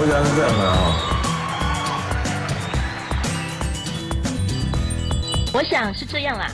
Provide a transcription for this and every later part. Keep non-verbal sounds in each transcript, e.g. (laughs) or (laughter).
我想是這樣的啊。我想是這樣啦。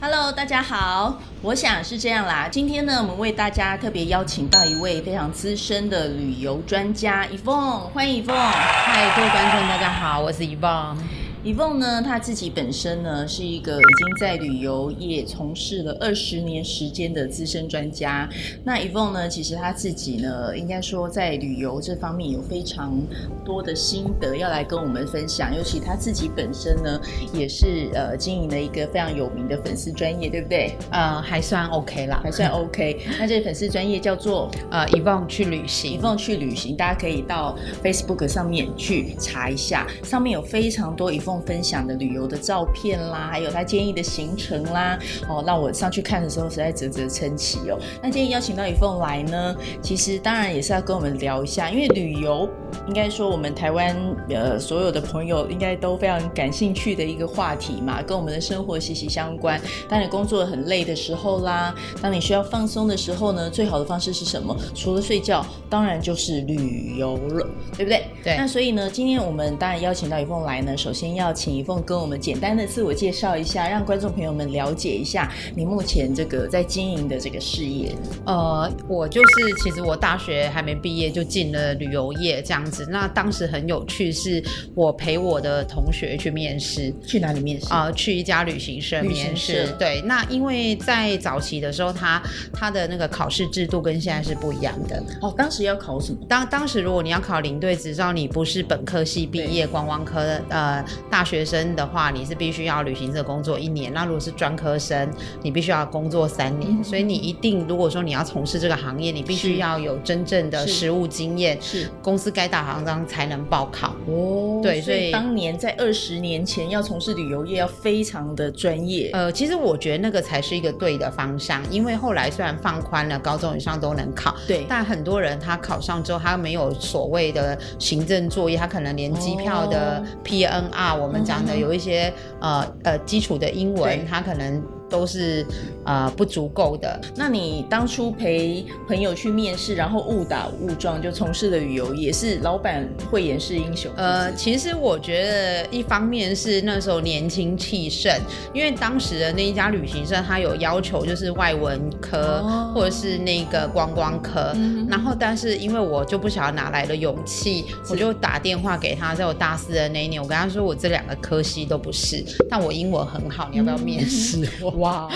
Hello，大家好。我想是這樣啦。今天呢，我們為大家特別邀請到一位非常資深的旅遊專家，Yvonne，歡迎 Yvonne。嗨，各位觀眾，大家好，我是 Yvonne。Yvonne 呢，她自己本身呢是一個已經在旅遊業從事了二十年時間的資深專家。那 Yvonne 呢，其實她自己呢，應該說在旅遊這方面有非常多的心得要來跟我們分享。尤其她自己本身呢，也是呃經營了一個非常有名的粉絲專業，對不對？呃、還算 OK 啦，還算 OK。 (laughs) 那這個粉絲專業叫做呃 Yvonne 去旅行 Yvonne 去旅行，大家可以到 Facebook 上面去查一下，上面有非常多 Yvonne 分享的旅遊的照片啦，還有他建議的行程啦，哦，讓我上去看的時候實在嘖嘖稱奇哦。那今天邀請到雨鳳來呢，其實當然也是要跟我們聊一下，因為旅遊應該說我們台灣呃所有的朋友應該都非常感興趣的一個話題嘛，跟我們的生活息息相關。當你工作很累的時候啦，當你需要放鬆的時候呢，最好的方式是什麼？除了睡覺，當然就是旅遊了，對不對？對。那所以呢，今天我們當然邀請到雨鳳來呢，首先要。要請 Yvonne 跟我們簡單的自我介紹一下，讓觀眾朋友們了解一下你目前這個在經營的這個事業。呃，我就是其實我大學還沒畢業就進了旅遊業這樣子。那當時很有趣，是我陪我的同學去面試，去哪裡面試啊？呃？去一家旅行社面試。對，那因為在早期的時候，他他的那個考試制度跟現在是不一樣的。哦，當時要考什麼？當當時如果你要考領隊執照，你不是本科系畢業，觀光科的對呃。大學生的話，你是必須要履行這個工作一年。那如果是專科生，你必須要工作三年。嗯、所以你一定，如果說你要從事這個行業，你必須要有真正的實務經驗。是公司該打行章才能報考。哦，對。所以當年在二十年前要從事旅遊業要非常的專業、嗯。呃，其實我覺得那個才是一個對的方向，因為後來雖然放寬了，高中以上都能考。對。但很多人他考上之後，他沒有所謂的行政作業，他可能連機票的 PNR。我們講的有一些、嗯、呃呃基礎的英文，對它可能，都是、呃、不足夠的。那你當初陪朋友去面試，然後誤打誤撞就從事了旅遊，遊，也是老闆慧眼識英雄。呃，是其實我覺得一方面是那時候年輕氣盛，因為當時的那一家旅行社他有要求就是外文科、哦、或者是那個觀光，光科，嗯嗯，然後但是因為我就不曉得哪來的勇氣，是我就打電話給他，在我大四的那一年，我跟他說我這兩個科系都不是，但我英文很好，你要不要面試？嗯嗯 (laughs) 哇，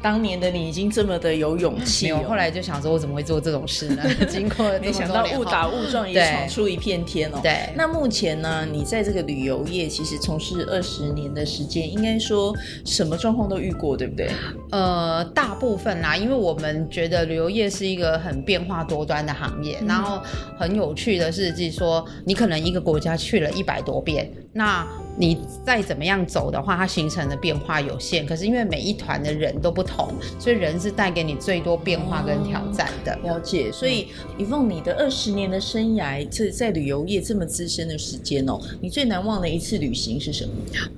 當年的你已經這麼的有勇氣了。有，後來就想說，我怎麼會做這種事呢？ (laughs) 經過了，沒想到誤打誤撞也闖出一片天哦。對、對，那目前呢，嗯、你在這個旅遊業其實從事二十年的時間，應該說什麼狀況都遇過，對不對？呃，大部分啦，因為我們覺得旅遊業是一個很變化多端的行業，嗯、然後很有趣的是，就說你可能一個國家去了一百多遍，那。你再怎麼樣走的話，它行程的變化有限。可是因為每一團的人都不同，所以人是帶給你最多變化跟挑戰的。欸、了解。所以，一鳳，你的二十年的生涯，這在旅遊業這麼資深的時間哦、喔，你最難忘的一次旅行是什麼？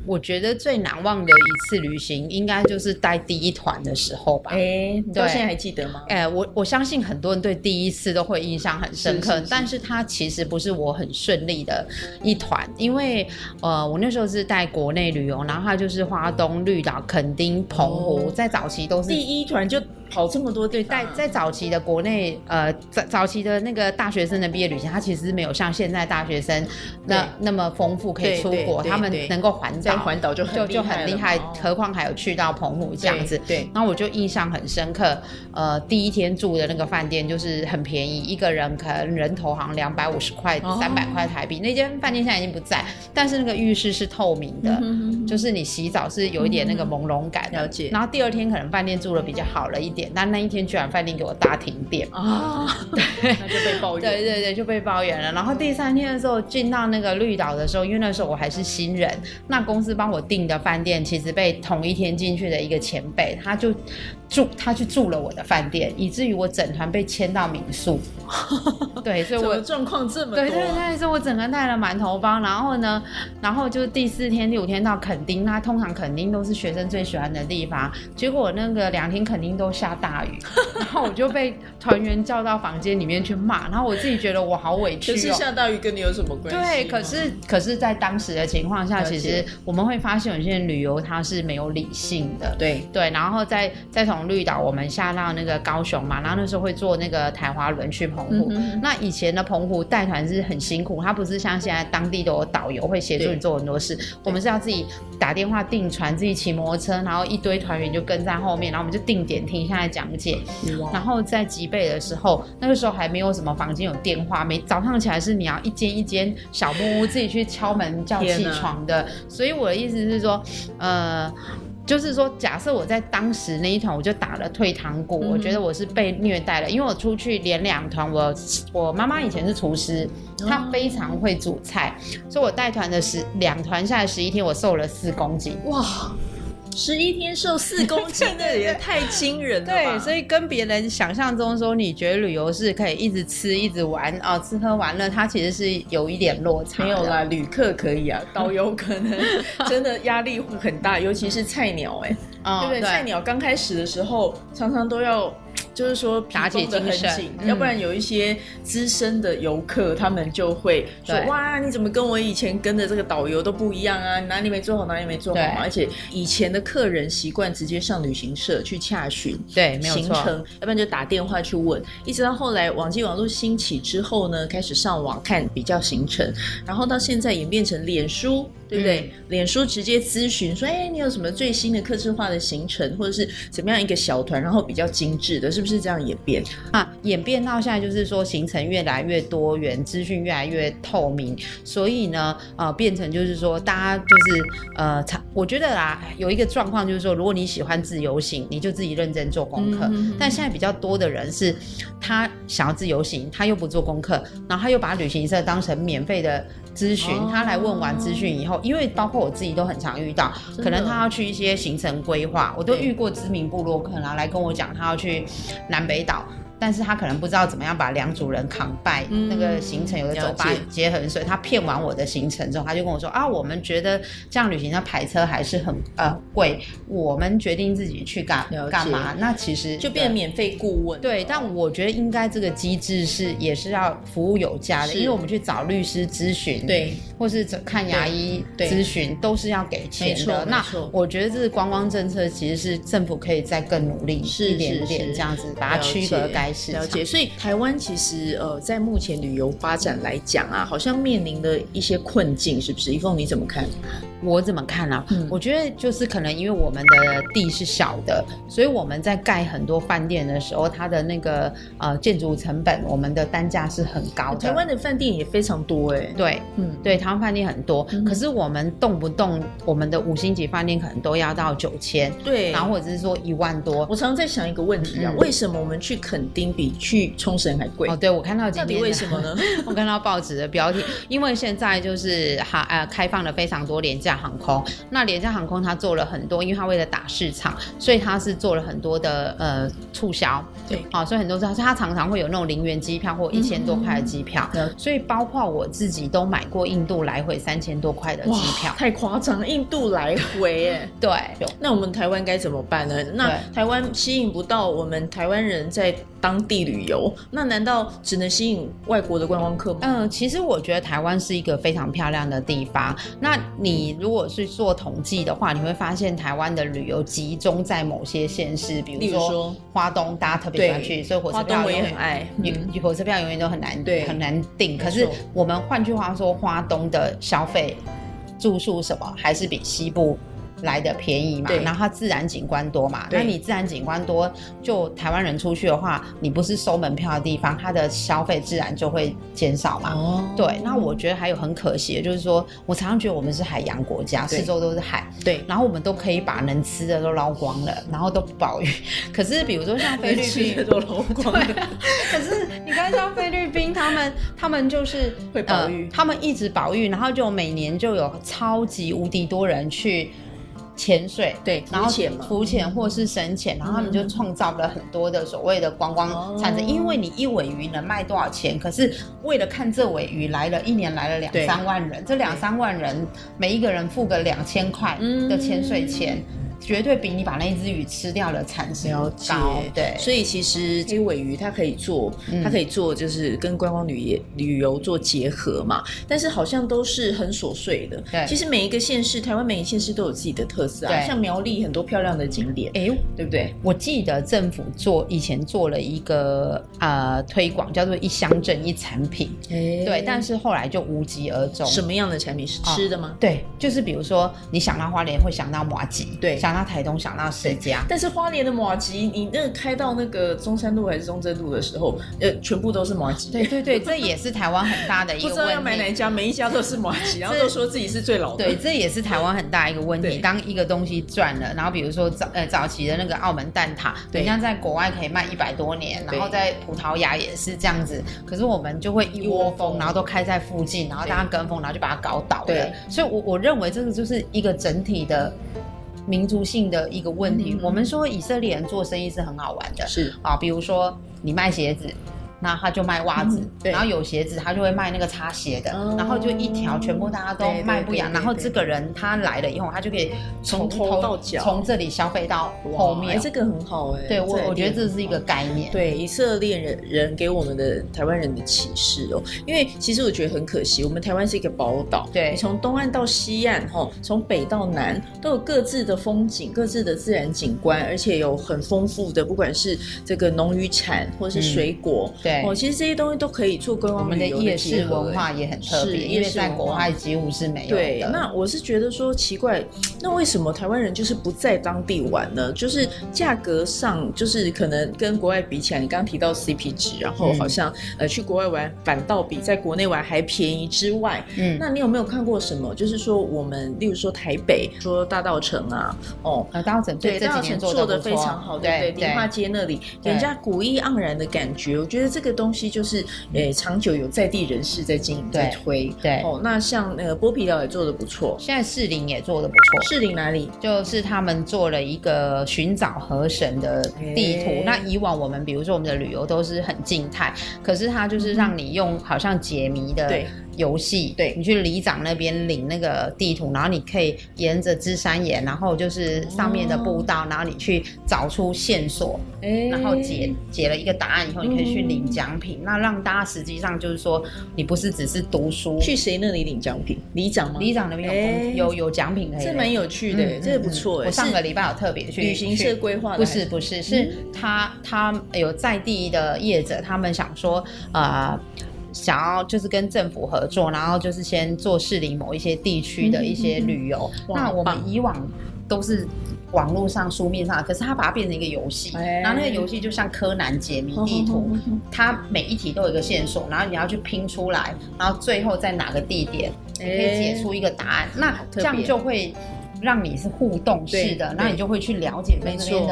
我覺得最難忘的一次旅行，應該就是帶第一團的時候吧。哎、欸，你到現在還記得嗎？哎、欸，我我相信很多人對第一次都會印象很深刻，是是是，但是它其實不是我很順利的一團，嗯、因為呃，我那。就是帶國內旅遊，然後他就是花東綠島、墾丁、澎湖，在早期都是第一團就。跑、哦、這麼多對，在在早期的國內呃早早期的那個大學生的畢業旅行，他其實沒有像現在大學生那對那麼豐富，可以出國，他們能夠環島在環島就就很厲害，厲害話何況還有去到澎湖這樣子。對，對然後我就印象很深刻，呃，第一天住的那個飯店就是很便宜，一個人可能人頭好像兩百五十塊、三百、哦、塊台幣。那間飯店現在已經不在，但是那個浴室是透明的，嗯哼嗯哼，就是你洗澡是有一點那個朦朧感、嗯嗯。了解。然後第二天可能飯店住的比較好了一點。但那，那一天居然飯店，給我大停電啊！哦、對，那就被抱怨，對對對，就被抱怨了。然後第三天的時候進到那個綠島的時候，因為那時候我還是新人，那公司幫我訂的飯店其實被同一天進去的一個前輩，他就住他去住了我的飯店，以至於我整團被遷到民宿。 (laughs) 對，所以我，所以我的狀況這麼、啊、對，對對，對，所以我整個帶了滿頭包。然後呢，然後就第四天、第五天到墾丁，他通常墾丁都是學生最喜歡的地方，結果那個兩天墾丁都下。下大雨， (laughs) 然後我就被團員叫到房間裡面去罵，然後我自己覺得我好委屈、喔。可是下大雨跟你有什麼關係？對，可是可是在當時的情況下，其實我們會發現，有些旅遊它是沒有理性的。對對，然後再再從綠島我們下到那個高雄嘛，然後那時候會坐那個台華輪去澎湖。嗯、哼那以前的澎湖帶團是很辛苦，他不是像現在當地都有導遊會協助你做很多事，對我們是要自己打電話訂船，自己騎摩托車，然後一堆團員就跟在後面，然後我們就定點聽一下，在講解，哇然後在脊背的時候，那個時候還沒有什麼房間有電話，每早上起來是你要一間一間小木屋自己去敲門叫起床的。哪所以我的意思是說，呃，就是說，假設我在當時那一團，我就打了退堂鼓。嗯、我覺得我是被虐待了，因為我出去連兩團，我我媽媽以前是廚師，哦、她非常會煮菜，哦、所以我帶團的十兩團下來十一天，我瘦了四公斤。哇！十一天瘦四公斤， (laughs) 那也太驚人了，對，所以跟別人想象中說，你覺得旅遊是可以一直吃一直玩啊？哦，吃喝玩樂，它其實是有一點落差。沒有啦，旅客可以啊，導遊可能真的壓力會很大， (laughs) 尤其是菜鳥，哎，啊，對，菜鳥剛開始的時候常常都要。就是說的，打起很緊、嗯、要不然有一些資深的遊客，嗯、他們就會說：“對哇，你怎麼跟我以前跟的這個導遊都不一樣啊？哪裡沒做好，哪裡沒做好。對”而且以前的客人習慣直接上旅行社去洽詢，對，沒有錯，行程，要不然就打電話去問。一直到後來，網際網絡興起之後呢，開始上網看比較行程，然後到現在演變成臉書。對不對？嗯、臉書直接諮詢說：“哎，你有什麼最新的客製化的行程，或者是怎麼樣一個小團，然後比較精緻的，是不是這樣演變？啊，演變到現在就是說，行程越來越多元，資訊越來越透明，所以呢，啊、呃，變成就是說，大家就是呃，我覺得啦、啊，有一個狀況就是說，如果你喜歡自由行，你就自己認真做功課。嗯嗯嗯，但現在比較多的人是，他想要自由行，他又不做功課，然後他又把旅行社當成免費的。”諮詢、哦，他來問完資訊以後，因為包括我自己都很常遇到，哦，可能他要去一些行程規劃，我都遇過知名部落客啦對來跟我講他要去南北島。但是他可能不知道怎麼樣把兩組人扛敗，那個行程有的走法結合，所以他騙完我的行程之後，他就跟我說啊，我們覺得這樣旅行要排車還是很呃貴，我們決定自己去幹幹嘛。那其實就變免費顧問。對，但我覺得應該這個機制是也是要服務有價的，因為我們去找律師諮詢，對，或是看牙醫諮詢都是要給錢的。那我覺得這個觀光政策其實是政府可以再更努力一點點，這樣子把它區隔開。了解，所以台灣其實呃，在目前旅遊發展來講啊，好像面臨的一些困境，是不是？Yvonne 你怎麼看？我怎麼看啊？嗯、我覺得就是可能因為我們的地是小的，所以我們在蓋很多飯店的時候，它的那個呃建築成本，我們的單價是很高的。台灣的飯店也非常多哎、欸，對，嗯，對，台灣飯店很多，嗯、可是我們動不動我們的五星級飯店可能都要到九千，對，然後或者是說一萬多。我常常在想一個問題啊，嗯、為什麼我們去墾丁比去沖繩還貴？哦，對，我看到今天，到底為什麼呢？ (laughs) 我看到報紙的標題， (laughs) 因為現在就是哈、啊、呃開放了非常多廉價。架航空，那廉價航空，它做了很多，因為它為了打市場，所以它是做了很多的呃促銷，對，好、啊，所以很多時候，它常常會有那種零元機票或一千多塊的機票，嗯嗯嗯，所以包括我自己都買過印度來回三千多塊的機票，太誇張了，印度來回哎， (laughs) 對，對那我們台灣該怎麼辦呢？那台灣吸引不到我們台灣人在當地旅遊，那難道只能吸引外國的觀光客？嗯、呃，其實我覺得台灣是一個非常漂亮的地方，那你。嗯如果是做統計的話，你會發現台灣的旅遊集中在某些縣市，比如說、例如說花東，大家特別喜歡去，對所以火車票也很愛，嗯、火車票永遠都很難，對很難訂。錯可是我們換句話說，花東的消費、住宿什麼，還是比西部。來的便宜嘛，然後它自然景觀多嘛，那你自然景觀多，就台灣人出去的話，你不是收門票的地方，它的消費自然就會減少嘛。哦，對，那我覺得還有很可惜的，就是說我常常覺得我們是海洋國家，四周都是海，對，然後我們都可以把能吃的都撈光了，然後都不保育。可是比如說像菲律賓，可是你看像菲律賓，他們他們就是會保育，他們一直保育，然後就每年就有超級無敵多人去。潛水，對，然後浮潛或是深潛，嗯、然後他們就創造了很多的所謂的觀光，光產值。哦、因為你一尾魚能賣多少錢？可是為了看這尾魚來了，一年來了兩三萬人，對這兩三萬人對每一個人付個兩千塊的潛水錢。嗯嗯絕對比你把那隻魚吃掉了產生要高，對。所以其實黑尾魚它可以做，它可以做就是跟觀光旅旅遊做結合嘛。但是好像都是很瑣碎的。對。其實每一個縣市，台灣每一個縣市都有自己的特色啊。對。像苗栗很多漂亮的景點。哎呦，對不對？我記得政府做以前做了一個呃推廣，叫做一鄉鎮一產品。哎。對。但是後來就無疾而終。什麼樣的產品是吃的嗎？對，就是比如說你想到花蓮會想到麻糬，對。那、啊、台東想到釋迦。但是花蓮的麻糬，你那個開到那個中山路還是中正路的時候，呃，全部都是麻糬。對， (laughs) 對對對，這也是台灣很大的一個問題。不知道要買哪一家，每一家都是麻糬，然後都說自己是最老的。對，這也是台灣很大的一個問題。對當一個東西賺了，然後比如說早呃早期的那個澳門蛋撻，對人家在國外可以賣一百多年，然後在葡萄牙也是這樣子。對可是我們就會一窩蜂，然後都開在附近，然後大家跟風，然後就把它搞倒了。對對了，所以我，我我認為這個就是一個整體的。民族性的一個問題，嗯嗯、我們說以色列人做生意是很好玩的，是啊，比如說你賣鞋子，那他就賣襪子，然後有鞋子，他就會賣那個擦鞋的，然後就一條全部大家都賣不完，然後這個人他來了以後，他就可以從頭到腳從這裡消費到後面，哎，這個很好哎，對我我覺得這是一個概念，對以色列人人給我們的台灣人的啟示哦，因為其實我覺得很可惜，我們台灣是一個寶島，對，從東岸到西岸哈，從北到南都有各自的風景、各自的自然景觀，而且有很豐富的，不管是這個農漁產或者是水果。對哦，其實這些東西都可以做觀光旅遊的，我們的夜市文化也很特別，是因為在國外幾乎是沒有的。那我是覺得說奇怪，那為什麼台灣人就是不在當地玩呢？就是價格上，就是可能跟國外比起來，你剛剛提到 CP 值，然後好像、嗯、呃，去國外玩反倒比在國內玩還便宜之外，嗯，那你有沒有看過什麼？就是說我們例如說台北，說大稻埕啊，哦，大稻埕對，大稻埕做得非常好，對對，迪化對街那裡，人家對古意盎然的感覺，我覺得這。這個東西就是誒、欸，長久有在地人士在經營、在推。嗯、對，對哦，那像那個、呃、剝皮寮也做得不錯，現在士林也做得不錯。士林哪裡？就是他們做了一個尋找河神的地圖。Okay 那以往我們比如說我們的旅遊都是很靜態，可是他就是讓你用好像解謎的、嗯。對。遊戲，對，你去里長那邊領那個地圖，然後你可以沿着芝山岩，然後就是上面的步道，然後你去找出線索，然後解解了一個答案以後，你可以去領獎品。那讓大家實際上就是說，你不是只是讀書，去誰那裡領獎品？里長嗎？里長那邊有有有獎品可以，這蠻有趣的，這不錯哎。我上個禮拜有特別去旅行社規劃，不是不是，是他他有在地的業者，他們想說啊。想要就是跟政府合作，然後就是先做市裡某一些地區的一些旅遊。嗯嗯嗯、那我們以往都是網絡上、書面上，可是他把它變成一個遊戲，欸、然後那個遊戲就像柯南解謎地圖，呵呵呵，它每一題都有一個線索，然後你要去拼出來，然後最後在哪個地點你可以解出一個答案。欸、那這樣就會讓你是互動式的，那你就會去了解。沒錯。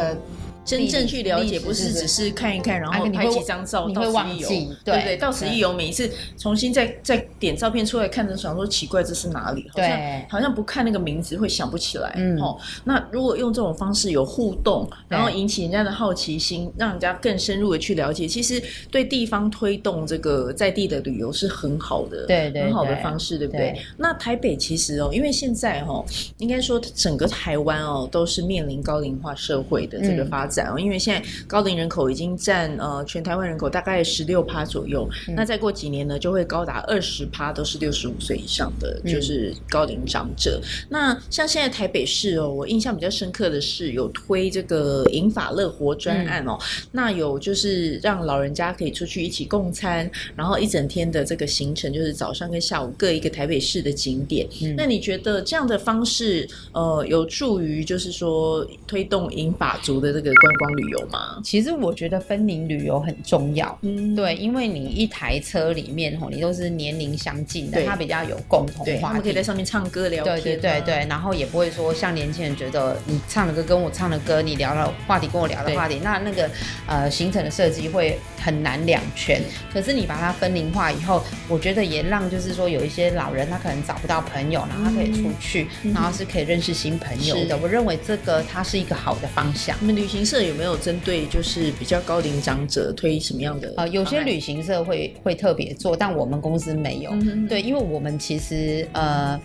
真正去了解，不是只是看一看，然後拍幾張照，到此一遊，對不對？到此一遊，每一次重新再再點照片出來看的時候，想說奇怪，這是哪裡？好像好像不看那個名字會想不起來。哦，那如果用這種方式有互動，然後引起人家的好奇心，讓人家更深入的去了解，其實對地方推動這個在地的旅遊是很好的，對，很好的方式，對不對？那台北其實哦，因為現在哦，應該說整個台灣哦，都是面臨高齡化社會的這個發展。因為現在高齡人口已經占呃全台灣人口大概十六趴左右，嗯、那再過幾年呢，就會高達二十趴，都是六十五歲以上的，就是高齡長者。嗯、那像現在台北市哦，我印象比較深刻的是有推這個銀髮樂活專案，哦，嗯、那有就是讓老人家可以出去一起共餐，然後一整天的這個行程就是早上跟下午各一個台北市的景點。嗯、那你覺得這樣的方式呃有助於就是說推動銀髮族的這個？觀光旅遊嗎？其實我覺得分齡旅遊很重要。嗯，對，因為你一台車裡面吼，你都是年齡相近的，對它比較有共同話題，可以在上面唱歌聊天。對對對對，然後也不會說像年輕人覺得你唱的歌跟我唱的歌，你聊的話題跟我聊的話題，對那那個呃行程的設計會很難兩全。嗯、可是你把它分齡化以後，我覺得也讓就是說有一些老人他可能找不到朋友，然後他可以出去，嗯、然後是可以認識新朋友、嗯。是的，我認為這個它是一個好的方向。你們旅行。社有沒有針對就是比較高齡長者推什麼樣的、呃、有些旅行社會會特別做，但我們公司沒有。嗯、哼對，因為我們其實呃，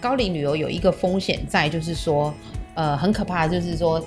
高齡旅遊有一個風險在，就是說呃，很可怕，就是說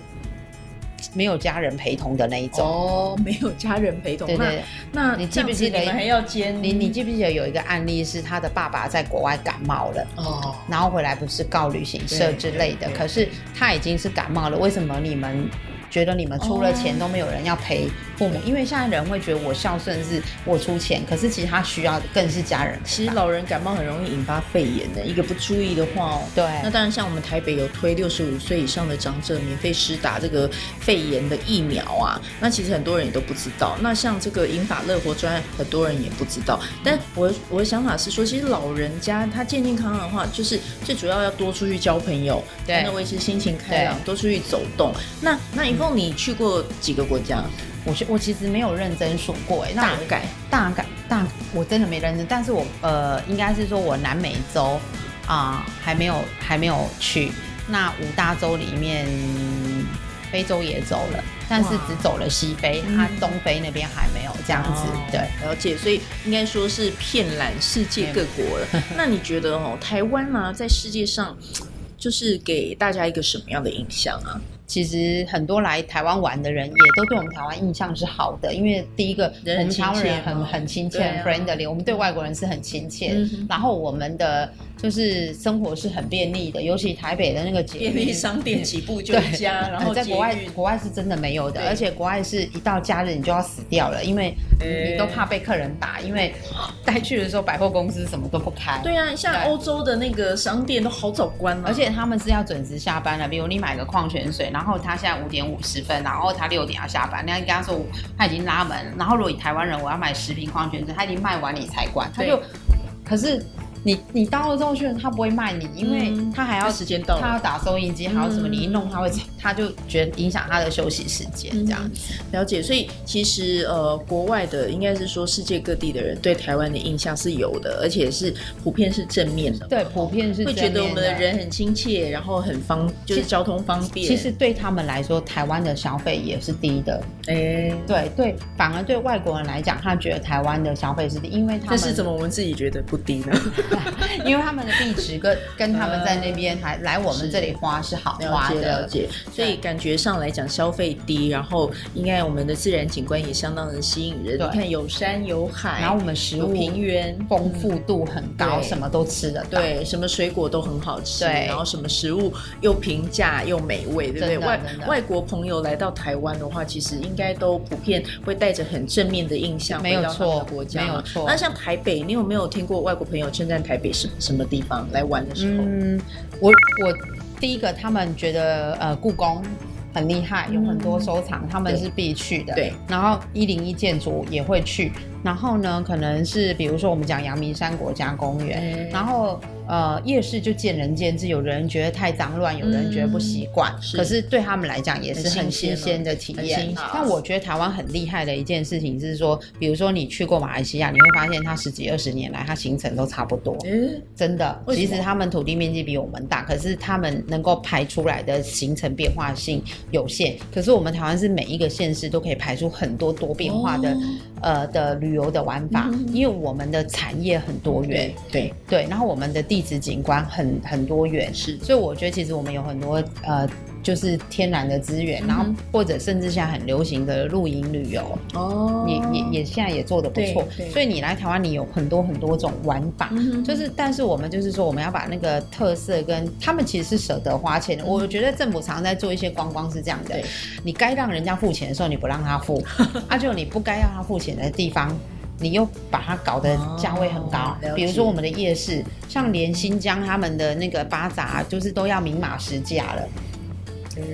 沒有家人陪同的那一種哦。沒有家人陪同，對，對對。那你記不記得你們還要兼？你你記不記得有一個案例是他的爸爸在國外感冒了哦、嗯，然後回來不是告旅行社之類的，對對對對，可是他已經是感冒了，為什麼你們？覺得你們出了錢都沒有人要賠。父母，因為現在人會覺得我孝順是我出錢，可是其實他需要的更是家人。其實老人感冒很容易引發肺炎的，一個不注意的話，對。那當然，像我們台北有推六十五歲以上的長者免費施打這個肺炎的疫苗啊。那其實很多人也都不知道。那像這個銀髮樂活專案，很多人也不知道。但我我的想法是說，其實老人家他健健康康的話，就是最主要要多出去交朋友，對，才能維持心情開朗，對多出去走動。那那一共你去過幾個國家？我我其實沒有認真數過哎、欸概，大概大概大我真的沒認真，但是我呃應該是說我南美洲啊、呃、還沒有還沒有去，那五大洲裡面非洲也走了，但是只走了西非，嗯、啊東非那邊還沒有，這樣子，哦、對，了解，所以應該說是遍覽世界各國了。嗯、 (laughs) 那你覺得哦、喔，台灣啊，在世界上就是給大家一個什麼樣的印象啊？其實很多來台灣玩的人，也都對我們台灣印象是好的，因為第一個很親切，很很親切，很 friendly。我們對外國人是很親切，嗯哼，然後我們的。就是生活是很便利的，尤其台北的那個捷便利商店，幾步就一家。對然後在國外，國外是真的沒有的，對而且國外是一到假日你就要死掉了，對因為你都怕被客人打，因為帶去的時候百貨公司什麼都不開。對啊，像歐洲的那個商店都好早關了啊，對而且他們是要準時下班的。比如你買個礦泉水，然後他現在五點五十分，然後他六點要下班，那你跟他說他已經拉門。然後如果台灣人我要買十瓶礦泉水，他已經賣完你才關，他就對可是。你你到了之後去，他不會賣你，因為他還要、嗯、他時間到，他要打收音機，嗯、還有什麼？你一弄，他會他就覺得影響他的休息時間，這樣子、嗯、了解。所以其實呃，國外的應該是說世界各地的人對台灣的印象是有的，而且是普遍是正面的。對，普遍是正面的會覺得我們的人很親切，然後很方，其實就是交通方便。其實對他們來說，台灣的消費也是低的。哎、欸，對對，反而對外國人來講，他覺得台灣的消費是低，因為他。但是怎麼我們自己覺得不低呢？ (laughs) 因為他們的幣值跟跟他們在那邊還來我們這裡花是好花的，了解，了解。所以感覺上來講消費低，然後應該我們的自然景觀也相當的吸引人。對你看有山有海，然後我們食物平原豐富度很高，嗯、什麼都吃的，對，什麼水果都很好吃，對然後什麼食物又平價又美味，對不對？外外國朋友來到台灣的話，其實應該都普遍會帶着很正面的印象，沒有錯，的國家沒錯。那像台北，你有沒有聽過外國朋友稱讚？台北什麼、什麼地方來玩的時候，嗯、我我第一個他們覺得呃故宮很厲害，嗯、有很多收藏，他們是必去的。對，對，然後一零一建築也會去。然後呢，可能是比如說我們講陽明山國家公園，嗯、然後呃夜市就見仁見智，有人覺得太髒亂，有人覺得不習慣，嗯、可是對他們來講也是很新鮮的體驗。但我覺得台灣很厲害的一件事情是說，比如說你去過馬來西亞，你會發現它十幾二十年來它行程都差不多，嗯誒，真的。其實他們土地面積比我們大，可是他們能夠排出來的行程變化性有限，可是我們台灣是每一個縣市都可以排出很多多變化的、哦。呃的旅遊的玩法，嗯哼，因為我們的產業很多元，對對，對，然後我們的地質景觀很很多元，是的，所以我覺得其實我們有很多呃。就是天然的資源，然後或者甚至像很流行的露營旅游，哦、嗯哼，你也也現在也做得不錯。所以你來台灣，你有很多很多種玩法。嗯、哼就是，但是我們就是說，我們要把那個特色跟他們其實是捨得花錢的。嗯、我覺得政府常常在做一些觀光是這樣的，對你該讓人家付錢的時候你不讓他付， (laughs) 啊就你不該讓他付錢的地方，你又把它搞得價位很高。哦、比如說我們的夜市，像連新疆他們的那個巴扎，就是都要明碼實價了。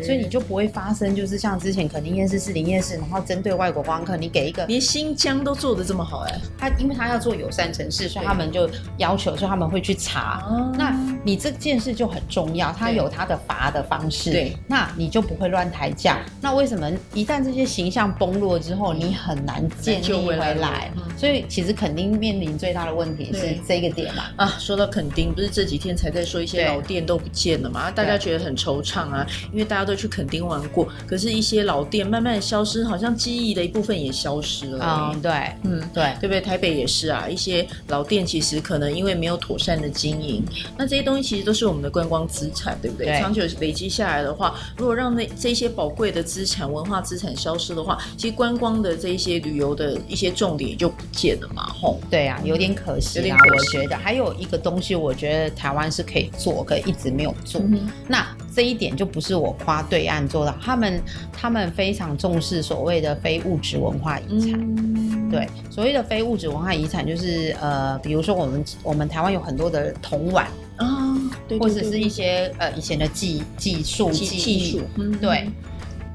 所以你就不會發生，就是像之前肯定夜市是林夜市，然後針對外國光客，你給一個連新疆都做得這麼好、欸，哎，他因為他要做友善城市，對所以他們就要求，所以他們會去查。啊、那你這件事就很重要，他有他的罰的方式，對，那你就不會亂抬價。對那為什麼一旦這些形象崩落之後，你很難建立回來？來來嗯、所以其實肯定面臨最大的問題是對這個點嘛。啊，說到肯定，不是這幾天才在說一些老店都不見了嗎？對大家覺得很惆悵啊，因為。大家都去墾丁玩過，可是，一些老店慢慢消失，好像記憶的一部分也消失了。嗯、哦，對，嗯，對，對不對？台北也是啊，一些老店其實可能因為沒有妥善的經營，那這些東西其實都是我們的觀光資產，對不對？對長久累積下來的話，如果讓那這些寶貴的資產、文化資產消失的話，其實觀光的這些旅遊的一些重點也就不見了嘛，吼。對啊，有點可惜，有點可惜的。還有一個東西，我覺得台灣是可以做，可一直沒有做。嗯、哼那這一點就不是我誇對岸做到，他們他們非常重視所謂的非物質文化遺產。嗯、對，所謂的非物質文化遺產就是呃，比如說我們我們台灣有很多的童玩啊，對對對對，或者是一些呃以前的技技術技術，對，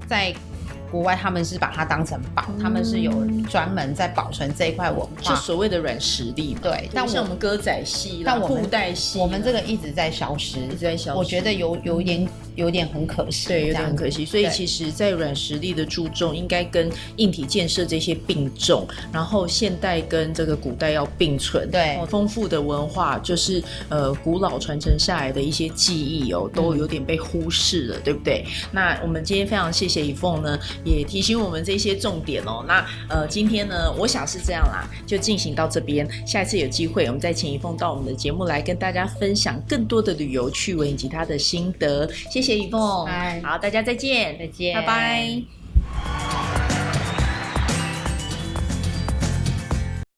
在。國外他們是把它當成寶，他們是有專門在保存這一塊文化，嗯、就所謂的軟實力嘛，對，但我們像我們歌仔戲、但我們布袋戲我們這個一直在消失，一直在消失。我覺得有有點有點很可惜，對，有點很可惜。所以其實，在軟實力的注重，應該跟硬體建設這些並重，然後現代跟這個古代要並存。對，豐富的文化就是呃，古老傳承下來的一些記憶哦、喔，都有點被忽視了，嗯、對不對？那我們今天非常謝謝 Yvonne 呢。也提醒我們這些重點哦。那呃，今天呢，我想是這樣啦，就進行到這邊。下一次有機會，我們再請一鳳到我們的節目來跟大家分享更多的旅遊趣聞以及他的心得。謝謝一鳳，Hi. 好，大家再見，再見，拜拜。